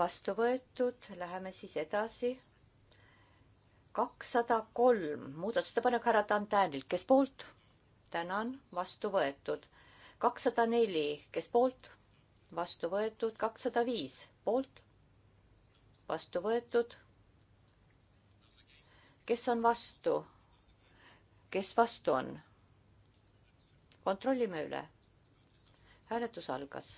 vastu võetud, läheme siis edasi. kakssada kolm muudatusettepanek härra Tantänilt, kes poolt? tänan, vastu võetud. kakssada neli, kes poolt? vastu võetud, kakssada viis poolt, vastu võetud. kes on vastu? kes vastu on? kontrollime üle. hääletus algas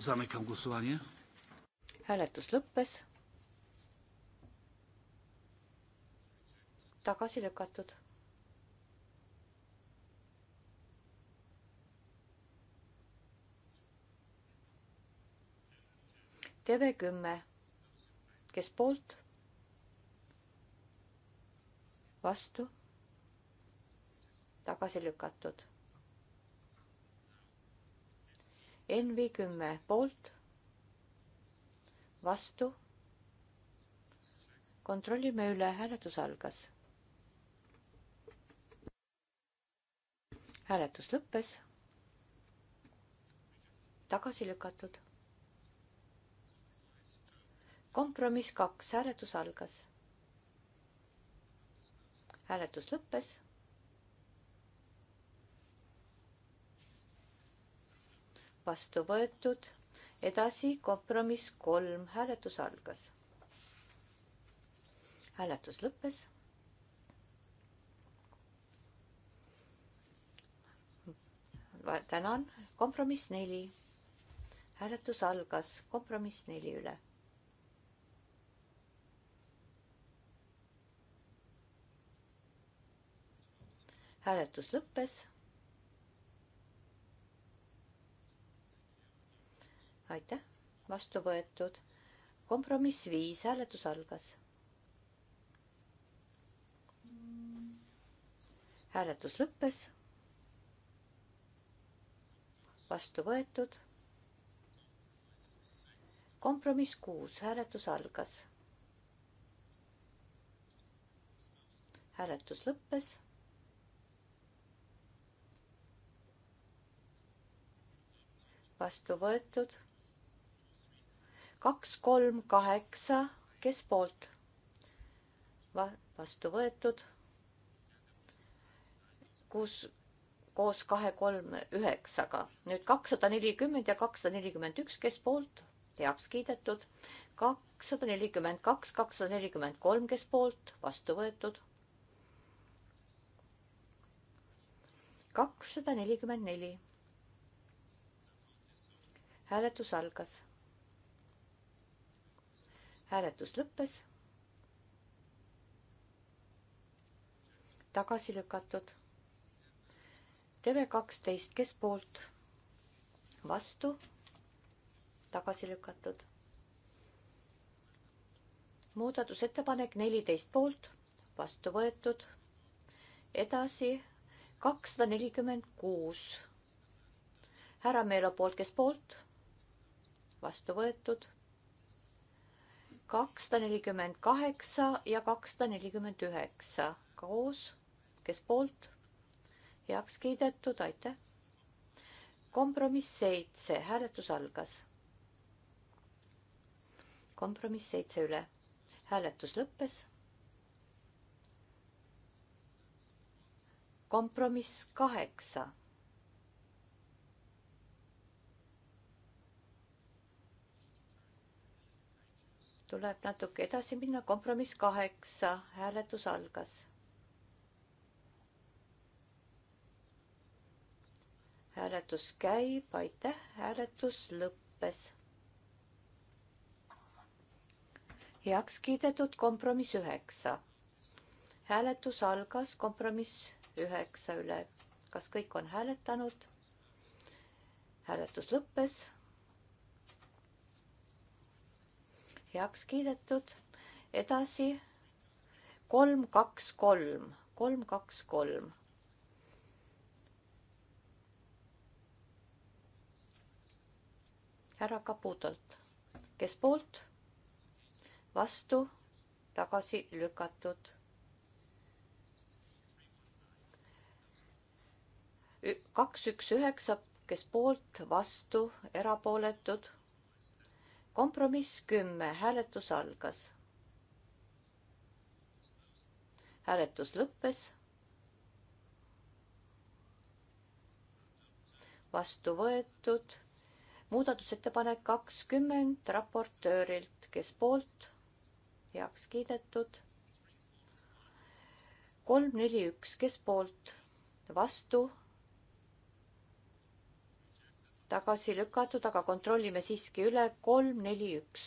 Zamykam głosowanie. hääletus lõppes. tagasi lükatud. TV kümme, kes poolt? vastu? tagasi lükatud NV kümme poolt, vastu. kontrollime üle, hääletus algas. hääletus lõppes. tagasi lükatud. kompromiss kaks, hääletus algas. hääletus lõppes vastu võetud. edasi kompromiss kolm, hääletus algas. hääletus lõppes. tänan, kompromiss neli. hääletus algas, kompromiss neli üle hääletus lõppes aitäh, vastu võetud. kompromiss viis, hääletus algas. hääletus lõppes. vastu võetud. kompromiss kuus, hääletus algas. hääletus lõppes vastu võetud kaks, kolm, kaheksa, kes poolt Va? vastu võetud. kus koos kahe, kolm, üheksaga. nüüd kakssada nelikümmend ja kakssada nelikümmend üks, kes poolt, heaks kiidetud. kakssada nelikümmend kaks, kakssada nelikümmend kolm, kes poolt, vastu võetud. kakssada nelikümmend neli. hääletus algas hääletus lõppes. tagasi lükatud. TV kaksteist, kes poolt? vastu. tagasi lükatud. muudatusettepanek neliteist poolt, vastu võetud. edasi kakssada nelikümmend kuus. härra Meelo poolt, kes poolt? vastu võetud kakssada nelikümmend kaheksa ja kakssada nelikümmend üheksa koos, kes poolt, heaks kiidetud, aitäh. kompromiss seitse, hääletus algas. kompromiss seitse üle, hääletus lõppes. kompromiss kaheksa tuleb natuke edasi minna, kompromiss kaheksa, hääletus algas. hääletus käib, aitäh, hääletus lõppes. heaks kiidetud kompromiss üheksa. hääletus algas kompromiss üheksa üle. kas kõik on hääletanud? hääletus lõppes heaks kiidetud. edasi kolm, kaks, kolm, kolm, kaks, kolm. härra Kaputolt, kes poolt, vastu, tagasi lükatud kaks, üks, üheksa, kes poolt, vastu, erapooletud, kompromiss kümme, hääletus algas. hääletus lõppes. vastu võetud muudatusettepanek kakskümmend raportöörilt, kes poolt, heaks kiidetud. kolm, neli, üks, kes poolt, vastu tagasi lükatud, aga kontrollime siiski üle. kolm, neli, üks.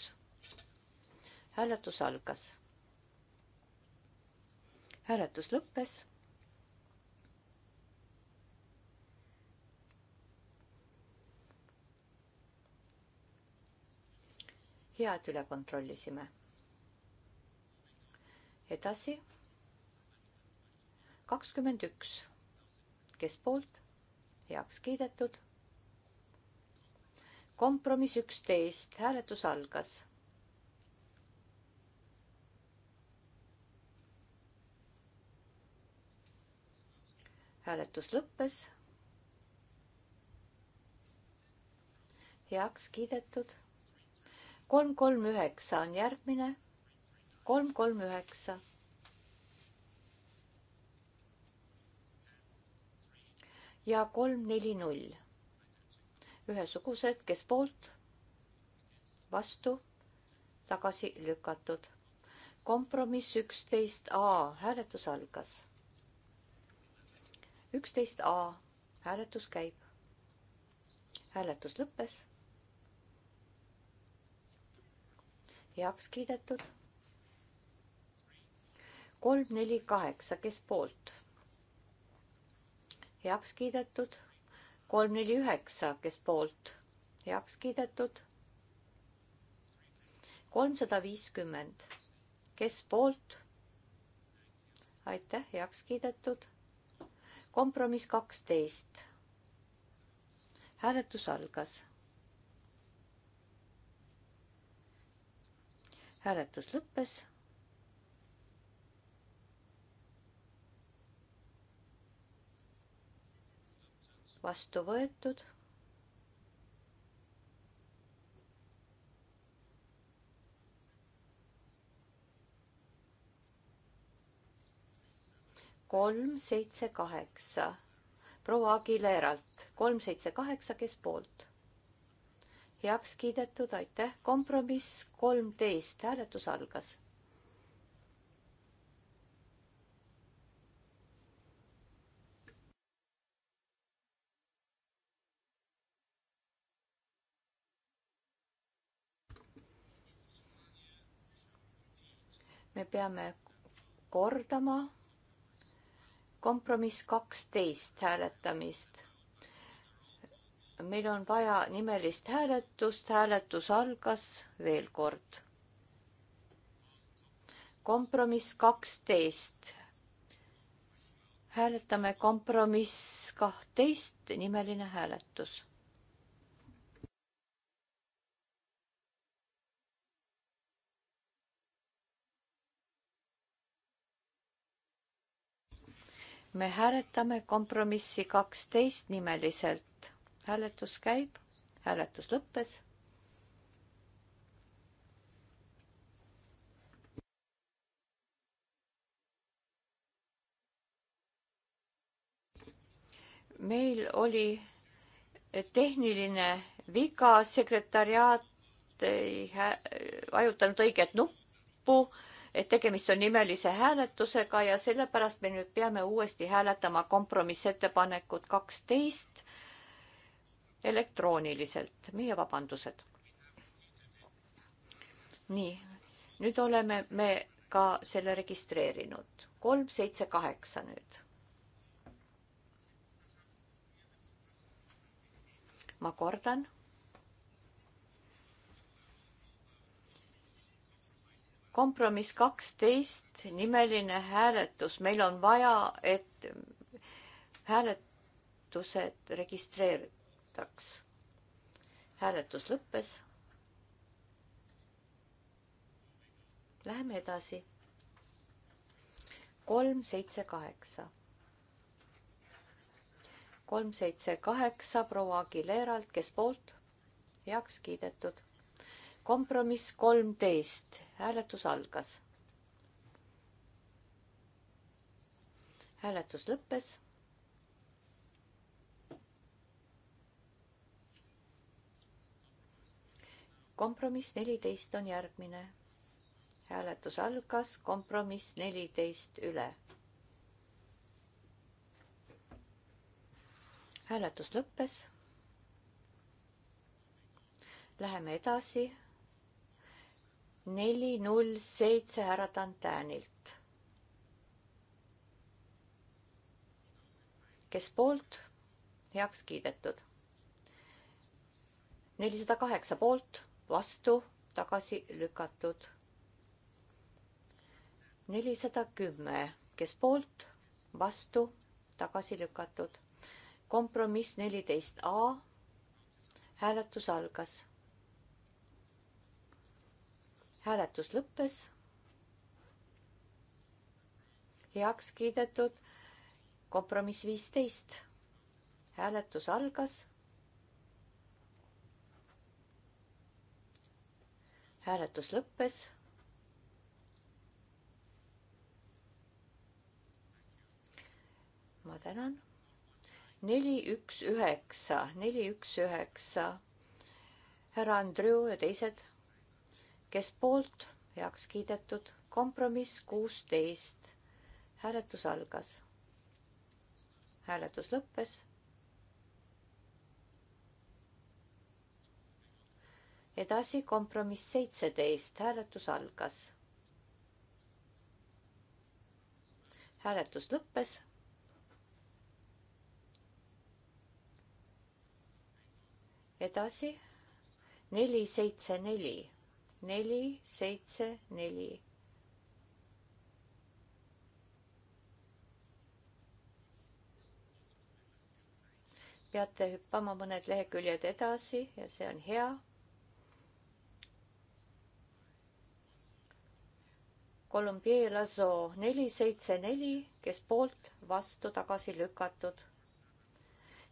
hääletus algas. hääletus lõppes. hea, et üle kontrollisime. edasi. kakskümmend üks, kes poolt, heaks kiidetud kompromiss üksteist, hääletus algas. hääletus lõppes. heaks kiidetud. kolm, kolm, üheksa on järgmine. kolm, kolm, üheksa. ja kolm, neli, null ühesugused, kes poolt, vastu, tagasi lükatud. kompromiss üksteist A, hääletus algas. üksteist A, hääletus käib. hääletus lõppes. heaks kiidetud. kolm, neli, kaheksa, kes poolt? heaks kiidetud kolm, neli, üheksa, kes poolt, heaks kiidetud. kolmsada viiskümmend, kes poolt? aitäh, heaks kiidetud. kompromiss kaksteist. hääletus algas. hääletus lõppes vastu võetud. kolm, seitse, kaheksa proua Aguileralt kolm, seitse, kaheksa, kes poolt? heaks kiidetud, aitäh, kompromiss kolmteist, hääletus algas peame kordama kompromiss kaksteist hääletamist. meil on vaja nimelist hääletust, hääletus algas veel kord. kompromiss kaksteist. hääletame kompromiss kahtteist, nimeline hääletus me hääletame kompromissi kaksteist nimeliselt. hääletus käib, hääletus lõppes. meil oli tehniline viga, sekretäriaat ei vajutanud õiget nuppu et tegemist on nimelise hääletusega ja sellepärast me nüüd peame uuesti hääletama kompromissettepanekut kaksteist elektrooniliselt. meie vabandused. nii, nüüd oleme me ka selle registreerinud. kolm, seitse, kaheksa nüüd. ma kordan kompromiss kaksteist, nimeline hääletus, meil on vaja, et hääletused registreeritaks. hääletus lõppes. Läheme edasi. kolm, seitse, kaheksa. kolm, seitse, kaheksa proua Aguileralt, kes poolt? heaks kiidetud kompromiss kolmteist, hääletus algas. hääletus lõppes. kompromiss neliteist on järgmine. hääletus algas, kompromiss neliteist üle. hääletus lõppes. Läheme edasi neli, null, seitse härra Tantäänilt. kes poolt? heaks kiidetud. nelisada kaheksa poolt, vastu, tagasi lükatud. nelisada kümme, kes poolt, vastu, tagasi lükatud. kompromiss neliteist A. hääletus algas hääletus lõppes. heaks kiidetud kompromiss viisteist. hääletus algas. hääletus lõppes. ma tänan. neli, üks, üheksa, neli, üks, üheksa. härra Andreu ja teised kes poolt, heaks kiidetud, kompromiss kuusteist. hääletus algas. hääletus lõppes. edasi kompromiss seitseteist, hääletus algas. hääletus lõppes edasi neli, seitse, neli neli, seitse, neli. peate hüppama mõned leheküljed edasi ja see on hea. Colombier Lazo neli, seitse, neli, kes poolt, vastu, tagasi lükatud.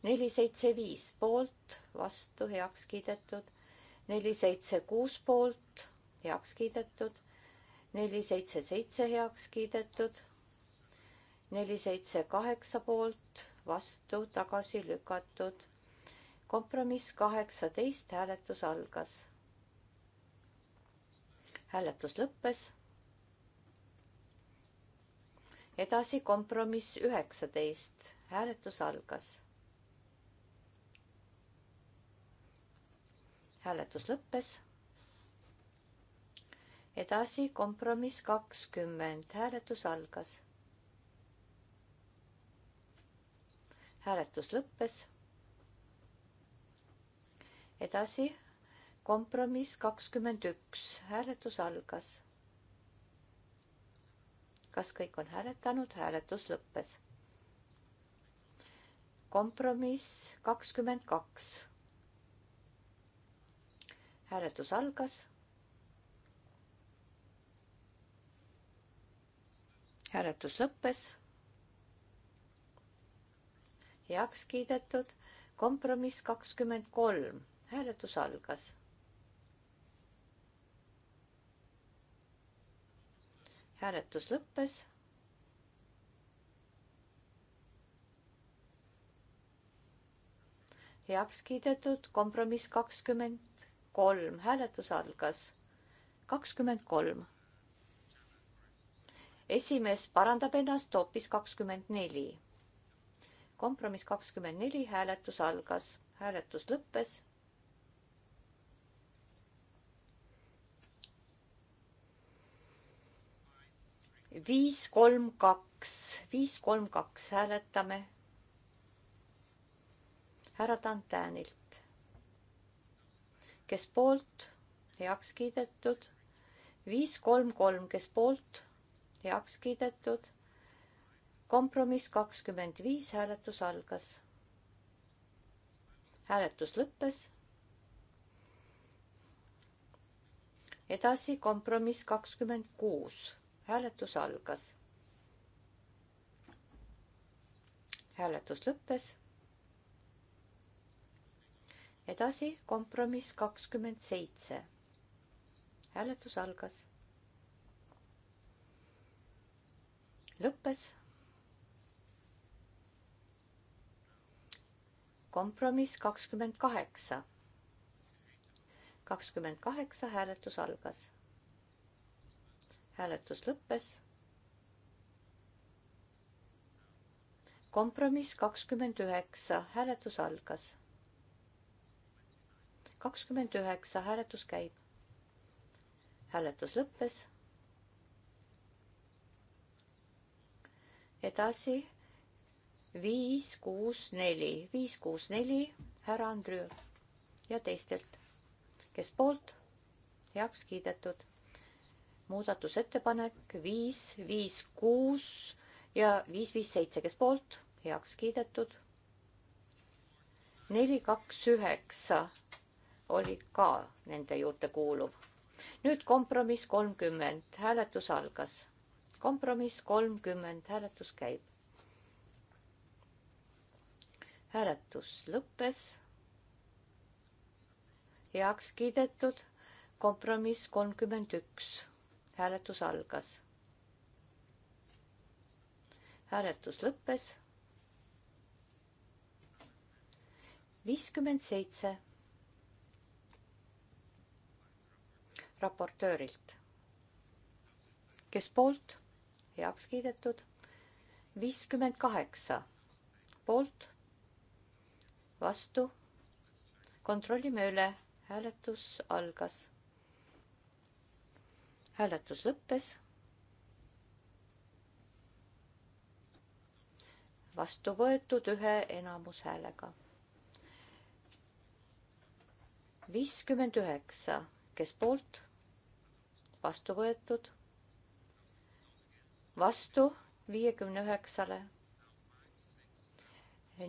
neli, seitse, viis poolt, vastu, heaks kiidetud neli, seitse, kuus poolt heaks kiidetud, neli, seitse, seitse heaks kiidetud, neli, seitse, kaheksa poolt vastu tagasi lükatud. kompromiss kaheksateist, hääletus algas. hääletus lõppes. edasi kompromiss üheksateist, hääletus algas hääletus lõppes. edasi kompromiss kakskümmend, hääletus algas. hääletus lõppes. edasi kompromiss kakskümmend üks, hääletus algas. kas kõik on hääletanud, hääletus lõppes. kompromiss kakskümmend kaks, hääletus algas. hääletus lõppes. heaks kiidetud kompromiss kakskümmend kolm, hääletus algas. hääletus lõppes heaks kiidetud kompromiss kakskümmend kolm, hääletus algas. kakskümmend kolm. esimees parandab ennast hoopis kakskümmend neli. kompromiss kakskümmend neli, hääletus algas, hääletus lõppes viis, kolm, kaks, viis, kolm, kaks hääletame. härra Tantäänilt kes poolt, heaks kiidetud. viis, kolm, kolm, kes poolt, heaks kiidetud. kompromiss kakskümmend viis, hääletus algas. hääletus lõppes. edasi kompromiss kakskümmend kuus, hääletus algas hääletus lõppes edasi kompromiss kakskümmend seitse. hääletus algas. lõppes. kompromiss kakskümmend kaheksa. kakskümmend kaheksa hääletus algas. hääletus lõppes. kompromiss kakskümmend üheksa hääletus algas kakskümmend üheksa, hääletus käib. hääletus lõppes. edasi viis, kuus, neli, viis, kuus, neli härra Andrüür ja teistelt, kes poolt heaks kiidetud. muudatusettepanek viis, viis, kuus ja viis, viis, seitse, kes poolt heaks kiidetud. neli, kaks, üheksa oli ka nende juurde kuuluv. nüüd kompromiss kolmkümmend, hääletus algas. kompromiss kolmkümmend, hääletus käib. hääletus lõppes. heaks kiidetud kompromiss kolmkümmend üks, hääletus algas. hääletus lõppes. viiskümmend seitse raportöörilt. kes poolt? heaks kiidetud. viiskümmend kaheksa poolt, vastu. kontrollime üle, hääletus algas. hääletus lõppes. vastu võetud ühe enamushäälega. viiskümmend üheksa, kes poolt vastu võetud. vastu viiekümne üheksale.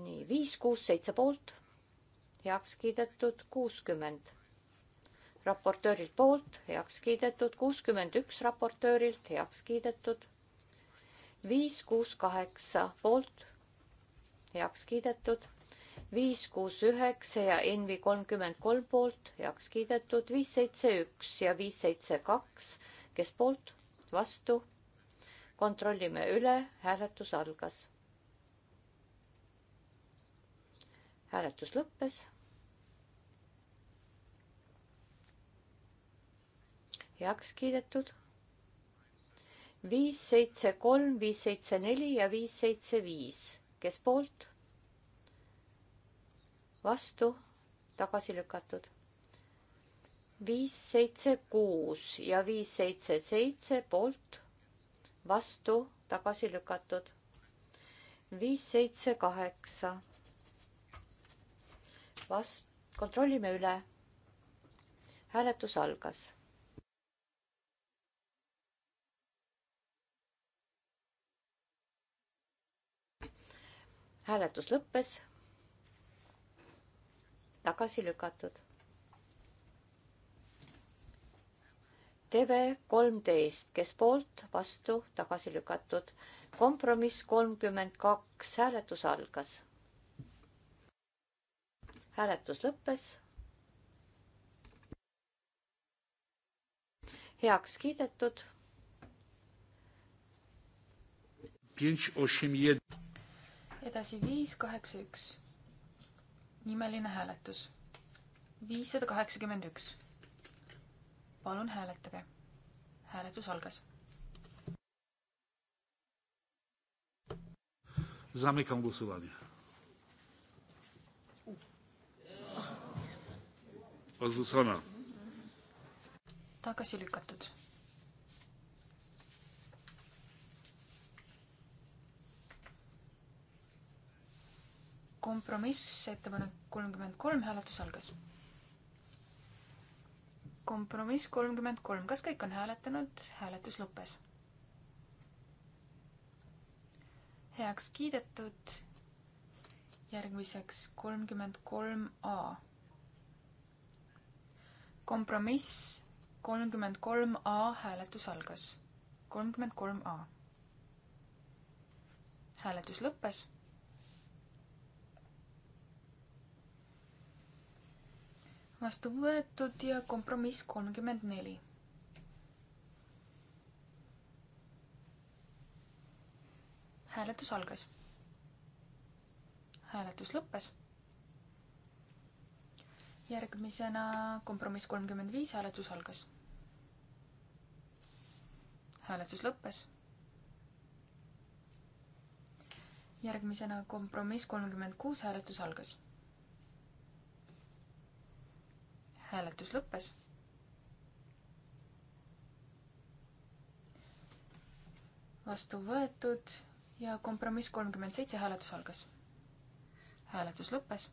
nii viis, kuus, seitse poolt, heaks kiidetud kuuskümmend raportöörilt poolt heaks kiidetud, kuuskümmend üks raportöörilt heaks kiidetud, viis, kuus, kaheksa poolt heaks kiidetud, viis, kuus, üheksa ja NV kolmkümmend kolm poolt heaks kiidetud, viis, seitse, üks ja viis, seitse, kaks, kes poolt, vastu. kontrollime üle, hääletus algas. hääletus lõppes. heaks kiidetud. viis, seitse, kolm, viis, seitse, neli ja viis, seitse, viis, kes poolt vastu, tagasi lükatud. viis, seitse, kuus ja viis, seitse, seitse poolt, vastu, tagasi lükatud. viis, seitse, kaheksa. vast-, kontrollime üle. hääletus algas hääletus lõppes tagasi lükatud. TV kolmteist, kes poolt, vastu, tagasi lükatud. kompromiss kolmkümmend kaks, hääletus algas. hääletus lõppes. heaks kiidetud. edasi viis, kaheksa, üks nimeline hääletus. viissada kaheksakümmend üks. palun hääletage. hääletus algas. Zamykam głosowanie. Odrzucona. Tagasi lükatud kompromissettepanek kolmkümmend kolm, hääletus algas. kompromiss kolmkümmend kolm, kas kõik on hääletanud? hääletus lõppes. heaks kiidetud. järgmiseks kolmkümmend kolm A. kompromiss kolmkümmend kolm A, hääletus algas. kolmkümmend kolm A. hääletus lõppes vastu võetud ja kompromiss kolmkümmend neli. hääletus algas. hääletus lõppes. järgmisena kompromiss kolmkümmend viis, hääletus algas. hääletus lõppes. järgmisena kompromiss kolmkümmend kuus, hääletus algas hääletus lõppes. vastu võetud ja kompromiss kolmkümmend seitse hääletus algas. hääletus lõppes.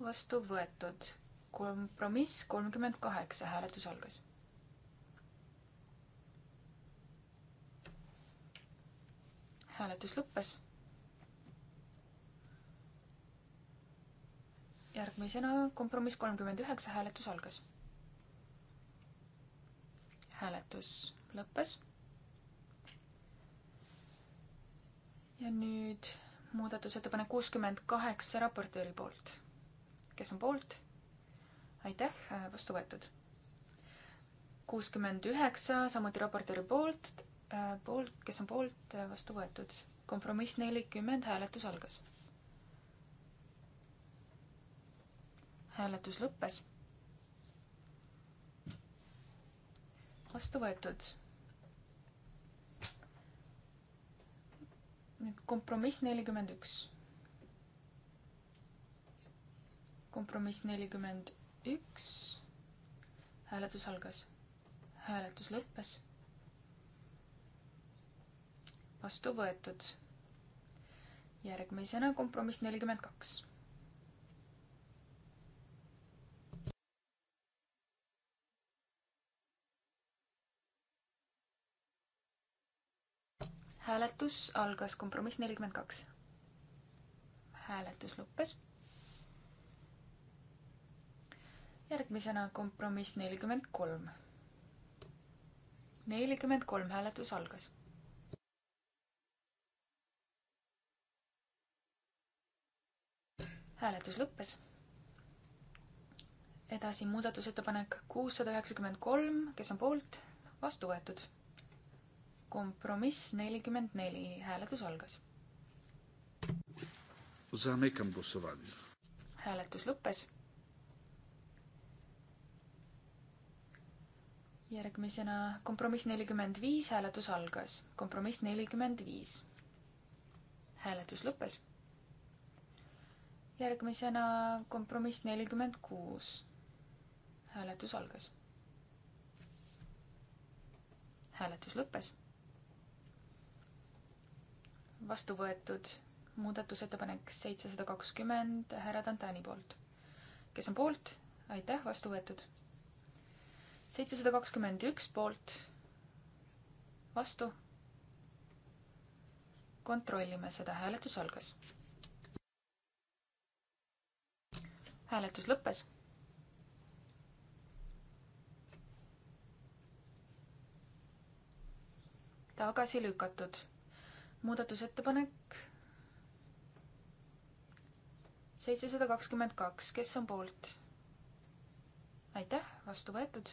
vastu võetud kompromiss kolmkümmend kaheksa hääletus algas hääletus lõppes. järgmisena kompromiss kolmkümmend üheksa, hääletus algas. hääletus lõppes. ja nüüd muudatusettepanek kuuskümmend kaheksa raportööri poolt. kes on poolt? aitäh, vastu võetud. kuuskümmend üheksa, samuti raportööri poolt, poolt, kes on poolt, vastu võetud. kompromiss nelikümmend, hääletus algas hääletus lõppes. vastu võetud. nüüd kompromiss nelikümmend üks. kompromiss nelikümmend üks. hääletus algas. hääletus lõppes. vastu võetud. järgmisena kompromiss nelikümmend kaks hääletus algas, kompromiss nelikümmend kaks. hääletus lõppes. järgmisena kompromiss nelikümmend kolm. nelikümmend kolm hääletus algas. hääletus lõppes. edasi muudatusettepanek kuussada üheksakümmend kolm, kes on poolt, vastu võetud kompromiss nelikümmend neli, hääletus algas. hääletus lõppes. järgmisena kompromiss nelikümmend viis, hääletus algas. kompromiss nelikümmend viis. hääletus lõppes. järgmisena kompromiss nelikümmend kuus. hääletus algas. hääletus lõppes vastu võetud muudatusettepanek seitsesada kakskümmend härra Tantani poolt. kes on poolt? aitäh, vastu võetud. seitsesada kakskümmend üks poolt, vastu. kontrollime seda, hääletus algas. hääletus lõppes. tagasi lükatud muudatusettepanek seitsesada kakskümmend kaks, kes on poolt? aitäh, vastu võetud.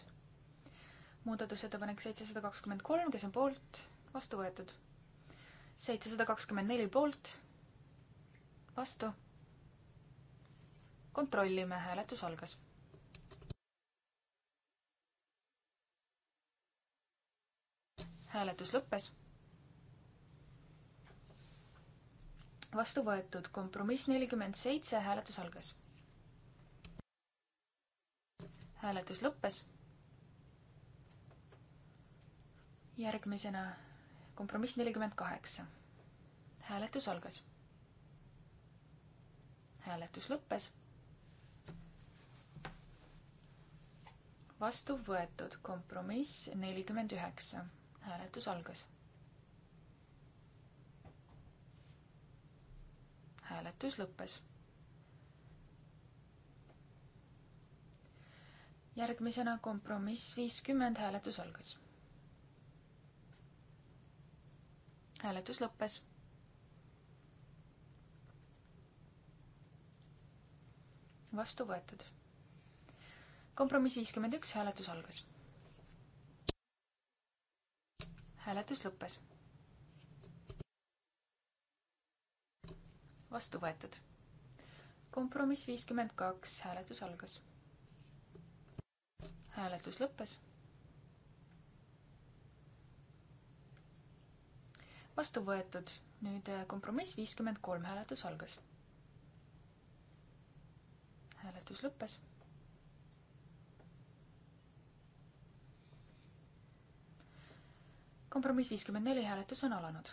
muudatusettepanek seitsesada kakskümmend kolm, kes on poolt? vastu võetud. seitsesada kakskümmend neli poolt, vastu. kontrollime, hääletus algas. hääletus lõppes vastu võetud. kompromiss nelikümmend seitse, hääletus algas. hääletus lõppes. järgmisena kompromiss nelikümmend kaheksa. hääletus algas. hääletus lõppes. vastu võetud kompromiss nelikümmend üheksa. hääletus algas hääletus lõppes. järgmisena kompromiss viiskümmend, hääletus algas. hääletus lõppes. vastu võetud. kompromiss viiskümmend üks, hääletus algas. hääletus lõppes vastu võetud. kompromiss viiskümmend kaks, hääletus algas. hääletus lõppes. vastu võetud, nüüd eh, kompromiss viiskümmend kolm, hääletus algas. hääletus lõppes. kompromiss viiskümmend neli, hääletus on alanud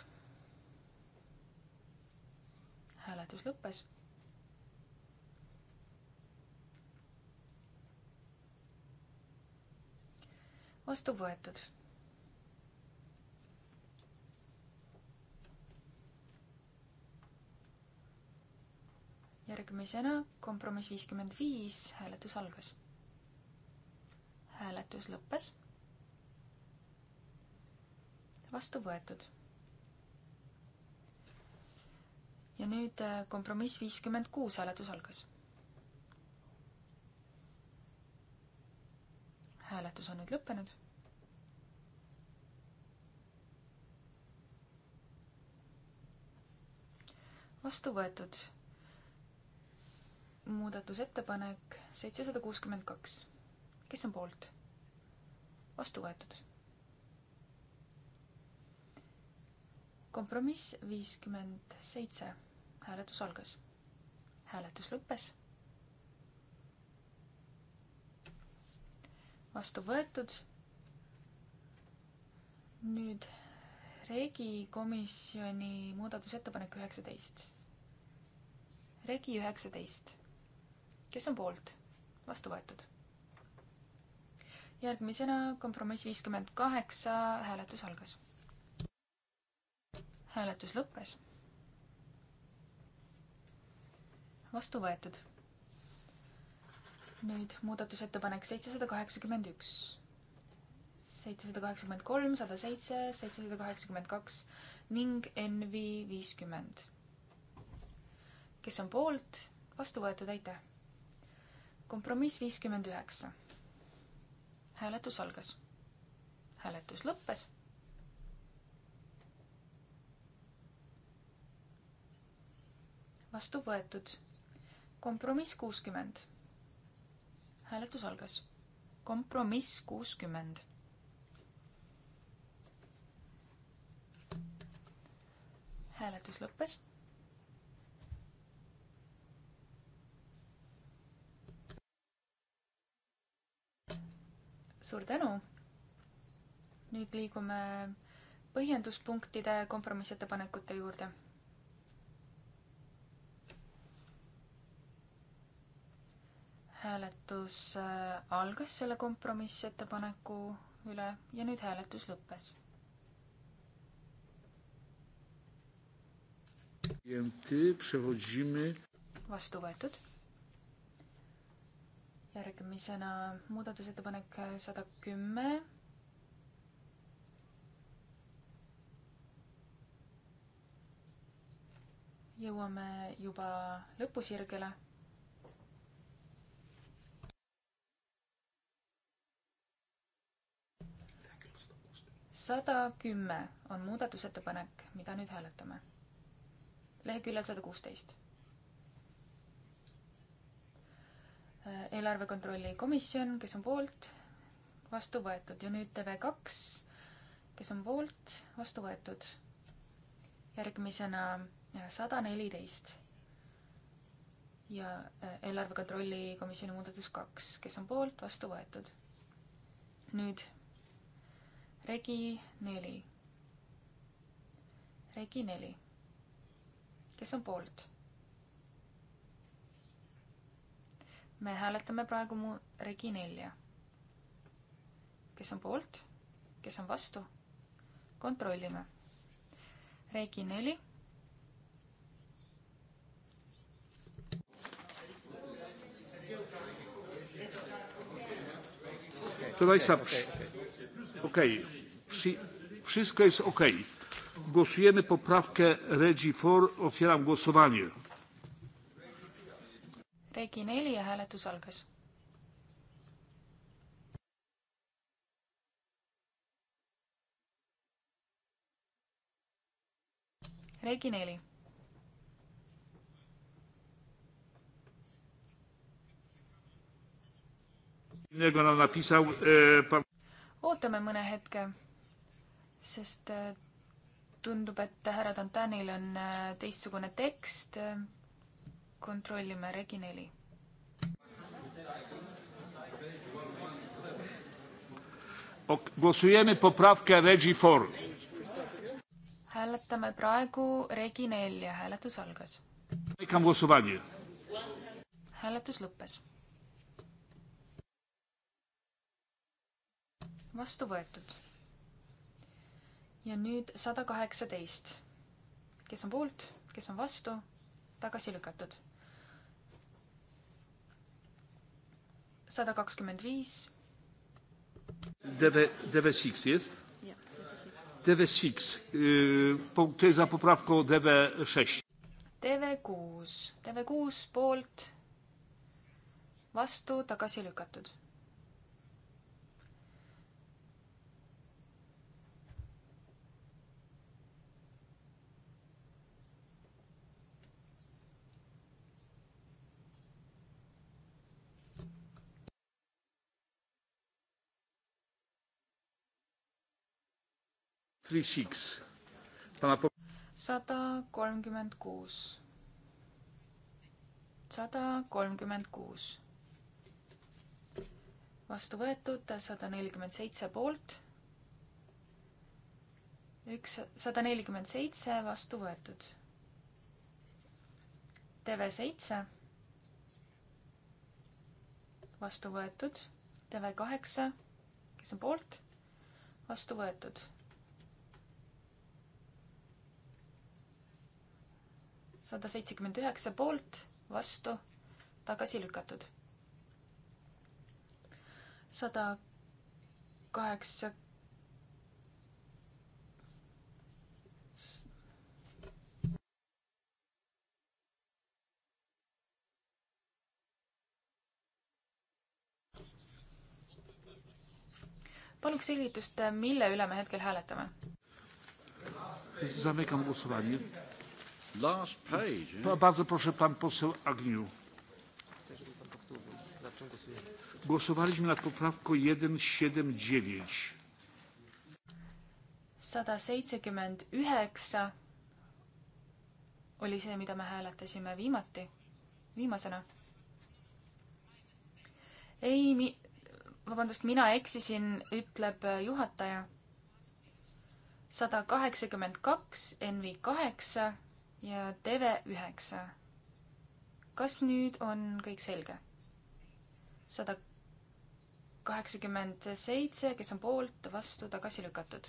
hääletus lõppes. vastu võetud. järgmisena kompromiss viiskümmend viis, hääletus algas. hääletus lõppes. vastu võetud ja nüüd äh, kompromiss viiskümmend kuus hääletus algas. hääletus on nüüd lõppenud. vastu võetud muudatusettepanek seitsesada kuuskümmend kaks. kes on poolt? vastu võetud kompromiss viiskümmend seitse, hääletus algas. hääletus lõppes. vastu võetud. nüüd Regi komisjoni muudatusettepanek üheksateist. Regi üheksateist. kes on poolt? vastu võetud. järgmisena kompromiss viiskümmend kaheksa, hääletus algas hääletus lõppes. vastu võetud. nüüd muudatusettepanek seitsesada kaheksakümmend üks, seitsesada kaheksakümmend kolm, sada seitse, seitsesada kaheksakümmend kaks ning NV viiskümmend. kes on poolt, vastu võetud, aitäh. kompromiss viiskümmend üheksa. hääletus algas. hääletus lõppes vastu võetud. kompromiss kuuskümmend. hääletus algas. kompromiss kuuskümmend. hääletus lõppes suur tänu. nüüd liigume põhjenduspunktide kompromissettepanekute juurde. hääletus äh, algas selle kompromissettepaneku üle ja nüüd hääletus lõppes. vastu võetud. järgmisena muudatusettepanek sada kümme. jõuame juba lõpusirgele sada kümme on muudatusettepanek, mida nüüd hääletame. leheküljel sada kuusteist. eelarve kontrolli komisjon, kes on poolt, vastu võetud ja nüüd TV2, kes on poolt, vastu võetud. järgmisena sada neliteist ja eelarve kontrolli komisjoni muudatus kaks, kes on poolt, vastu võetud. nüüd Regi neli. Regi neli. kes on poolt? me hääletame praegu mu Regi nelja. kes on poolt, kes on vastu? kontrollime. Regi neli. Proszę Państwa, okay. Okej. Wszystko jest okej. Głosujemy poprawkę Regi 4. Otwieram głosowanie. Regi 4 ja hääletus algas. Regi 4. Innego nam napisał e, pan ootame mõne hetke, sest äh, tundub, et härra Dantanil on äh, teistsugune tekst. kontrollime regi neli. hääletame praegu regi nelja, hääletus algas. hääletus lõppes vastu võetud. ja nüüd sada kaheksateist. kes on poolt, kes on vastu, tagasi lükatud. sada kakskümmend viis. DV6 jest? DV6. To jest za poprawką DV6. DV6. DV6 poolt, vastu, tagasi lükatud sada kolmkümmend kuus. sada kolmkümmend kuus. vastu võetud sada nelikümmend seitse poolt. üks, sada nelikümmend seitse vastu võetud. TV seitse vastu võetud, TV kaheksa, kes on poolt, vastu võetud sada seitsekümmend üheksa poolt, vastu, tagasi lükatud. sada kaheksa. paluks selgitust, mille üle me hetkel hääletame? Zamykam głosowanie. Last page. Eh? Bardzo proszę, pan poseł Agniu. Głosowaliśmy nad poprawką 179. 179 oli see, mida me hääletasime viimati, viimasena. ei, mi-, vabandust, mina eksisin, ütleb juhataja. sada kaheksakümmend kaks, NV kaheksa ja TV9. kas nüüd on kõik selge? sada kaheksakümmend seitse, kes on poolt, vastu, tagasi lükatud.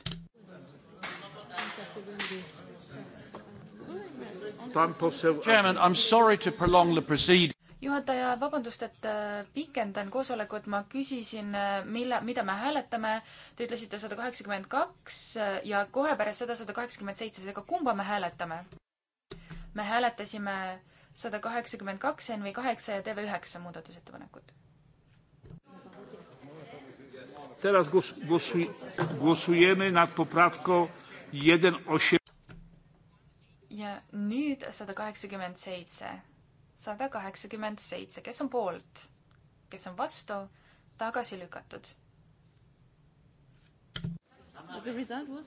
Chairman, I am sorry to prolong the proceed- juhataja, vabandust, et äh, pikendan koosolekut, ma küsisin, äh, mille, mida me hääletame. Te ütlesite sada kaheksakümmend kaks äh, ja kohe pärast seda sada kaheksakümmend seitse, seega kumba me hääletame? me hääletasime sada kaheksakümmend kaks NV kaheksa ja TV üheksa muudatusettepanekut. Teraz głos, głosuj, głosujemy nad poprawką 1.8. Ja nüüd 187. 187. Kes on poolt? Kes on vastu? Tagasi lükatud. The result was...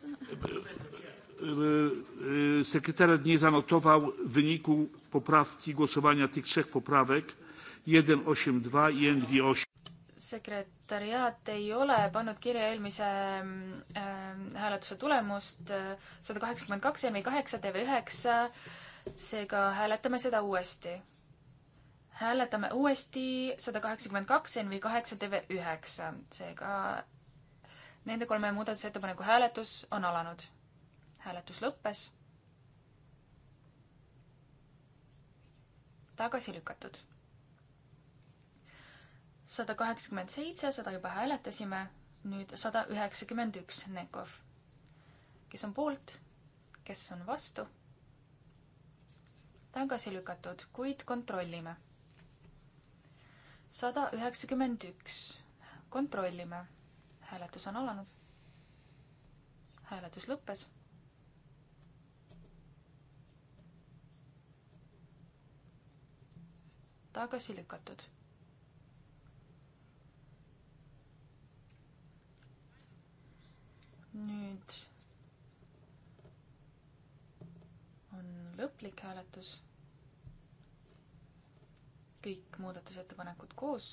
E, e, sekretariat nie zanotował wyniku poprawki głosowania tych trzech poprawek 182 i NV8. sekretäriaat ei ole pannud kirja eelmise äh, hääletuse tulemust e, sada kaheksakümmend kaks, EMI kaheksa, TV üheksa. seega hääletame seda uuesti. hääletame uuesti sada kaheksakümmend kaks, ENV kaheksa, TV üheksa. seega nende kolme muudatusettepaneku hääletus on alanud hääletus lõppes. tagasi lükatud. sada kaheksakümmend seitse, seda juba hääletasime, nüüd sada üheksakümmend üks Nekov. kes on poolt, kes on vastu? tagasi lükatud, kuid kontrollime. sada üheksakümmend üks, kontrollime. hääletus on alanud. hääletus lõppes tagasi lükatud. nüüd on lõplik hääletus. kõik muudatusettepanekud koos.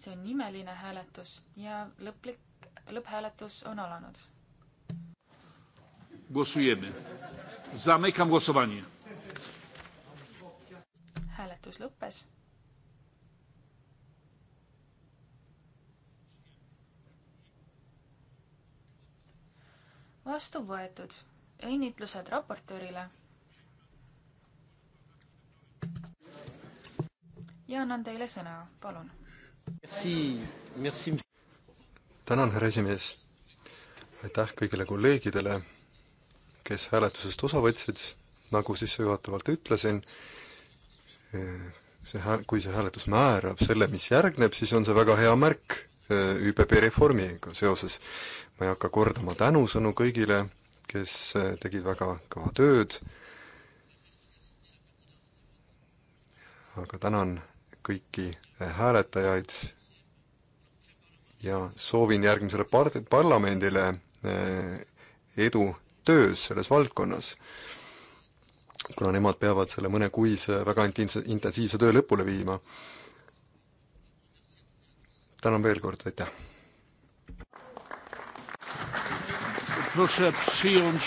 see on nimeline hääletus ja lõplik, lõpphääletus on alanud. Głosujemy. Zamykam głosowanie hääletus lõppes. vastu võetud. õnnitlused raportöörile. ja annan teile sõna, palun. tänan, härra esimees. aitäh kõigile kolleegidele, kes hääletusest osa võtsid, nagu sissejuhatavalt ütlesin Äh, see hääl-, kui see hääletus määrab selle, mis järgneb, siis on see väga hea märk äh, ÜPP reformiga seoses. ma ei hakka kordama tänusõnu kõigile, kes äh, tegid väga kõva tööd, aga tänan kõiki hääletajaid ja soovin järgmisele par-, parlamendile edu töös selles valdkonnas kuna nemad peavad selle mõnekuise väga intensiivse töö lõpule viima. tänan veel kord, aitäh! Proszę przyjąć,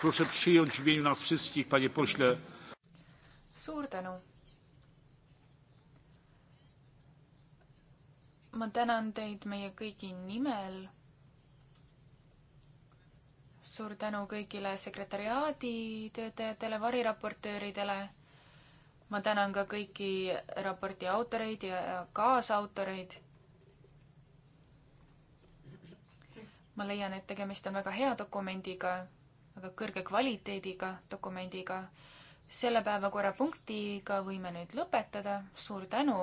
proszę przyjąć w imieniu nas wszystkich, panie pośle. Suur tänu. ma tänan teid meie kõigi nimel suur tänu kõigile sekretäriaadi töötajatele, variraportööridele. ma tänan ka kõiki raporti autoreid ja kaasautoreid. ma leian, et tegemist on väga hea dokumendiga, väga kõrge kvaliteediga dokumendiga. selle päevakorrapunktiga võime nüüd lõpetada. suur tänu.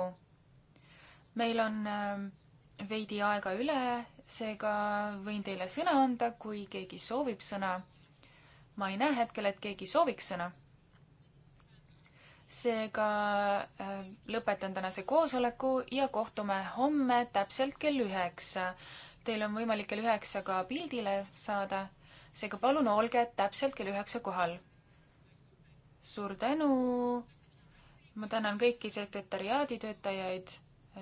meil on ähm, veidi aega üle, seega võin teile sõna anda, kui keegi soovib sõna. ma ei näe hetkel, et keegi sooviks sõna. seega äh, lõpetan tänase koosoleku ja kohtume homme täpselt kell üheksa. Teil on võimalik kell üheksa ka pildile saada, seega palun olge täpselt kell üheksa kohal. suur tänu. ma tänan kõiki sekretäriaadi töötajaid.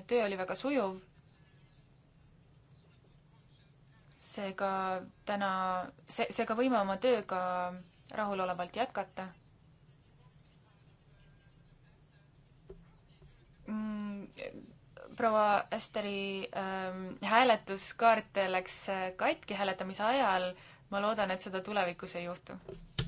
töö oli väga sujuv seega täna, see, seega võime oma tööga rahulolevalt jätkata. Mm, proua Esteri ähm, hääletuskaart läks katki hääletamise ajal. ma loodan, et seda tulevikus ei juhtu.